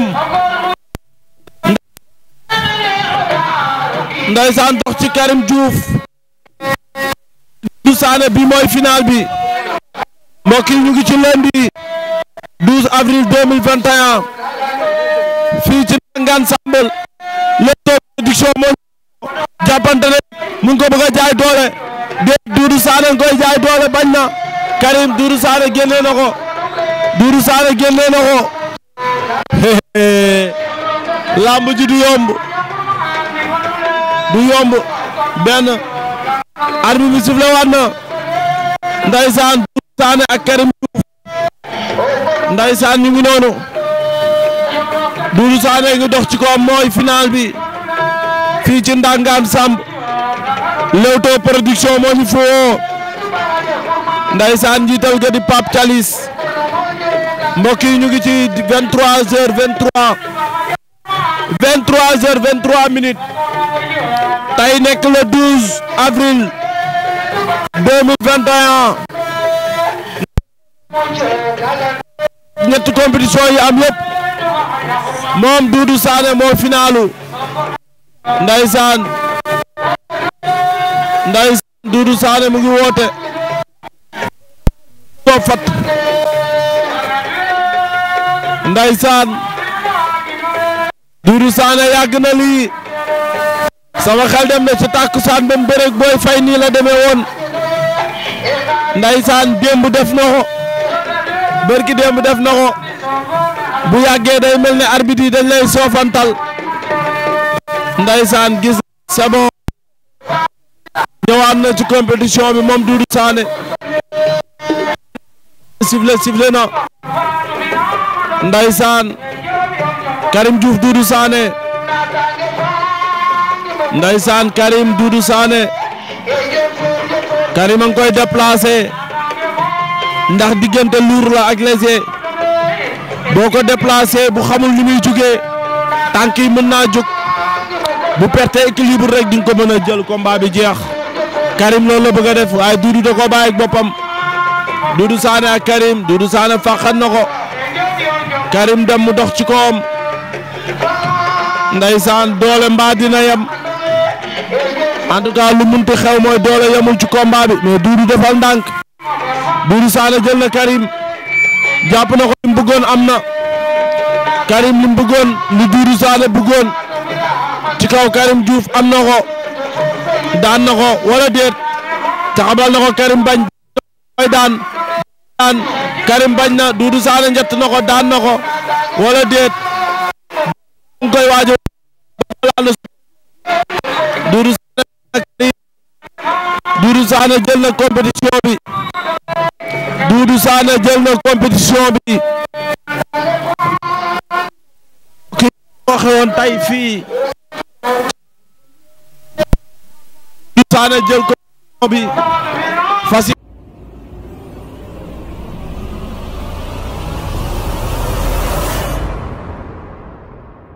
moom ndaysaan dox ci Karim Diouf Doudou Sané bi mooy final bi mbokk yi ñu ngi ci lundi 12 avril 2021 fii ci Ndangane Sambal Leewtoo production moo jàppante ne mu ngi ko bëgg a jaay doole de Doudou Sané nga jaay doole bañ na Karim Doudou Sané génnee na ko Doudou Sané génnee na Eh, lamb ji du yomb du yomb benn arbitre bi sifflé waat na ndaysaan Saane ak Karim Diouf ndaysaan ñu ngi noonu Doudou Sané ngi dox ci ko mooy final bi fii ci Ndangaan Samb Leewtoo production moo ñu fowoo ndaysaan jiital ga di Pape Thialis mbokk yi ñu ngi ci 23h 23 23h 23 minutes tey nekk le 12 avril 2021 ñetti compétition yi am yëpp moom Doudou Sané moo finalu ndeysaan ndeysaan Doudou Sané mu ngi woote Ndeysaan Doudou Sané yàgg na lii sama xel dem na ci tàkkusaan ba mu bëreeg booy fay nii la demee woon Ndeysaan démb def na ko bërki démb def na ko bu yàggee day mel ne arbitre yi dañ lay soofantal Ndeysaan gis c'est bon ñëwaat na ci compétition bi moom Doudou Sané sifflé sifflé na. Ndeysaan Karim Diouf Doudou Sané Ndeysaan Karim Doudou Sané Karim a ngi koy déplacé ndax diggante luur la ak boo ko déplacé bu xamul ni muy jugee tànk yi mën naa jóg bu perte équilibre rek di nga ko mën a jël combat bi jeex Karim loolu la bëgg a def waaye Doudou da ko bàyyi ak boppam Doudou Sané ak Karim Doudou Sané na ko. Karim dem mu dox ci koom ndeysaan doole mbaa dina yem en tout cas lu munti xew mooy doole yemul ci combat bi mais defal ndànk Doudou Sané jël na Karim jàpp na ko li mu am na Karim li mu bëggoon li Doudou Sané bëggoon kaw Karim Diouf am na ko daan na ko wala déet taxabal na ko Karim bañ daan. Karim bañ na Doudou Sané njett na ko daan na ko wala déet mu koy waaj na compétition bi Doudou Sané jël na compétition bi ki waxe woon tey fii Doudou Sané jël compétition bi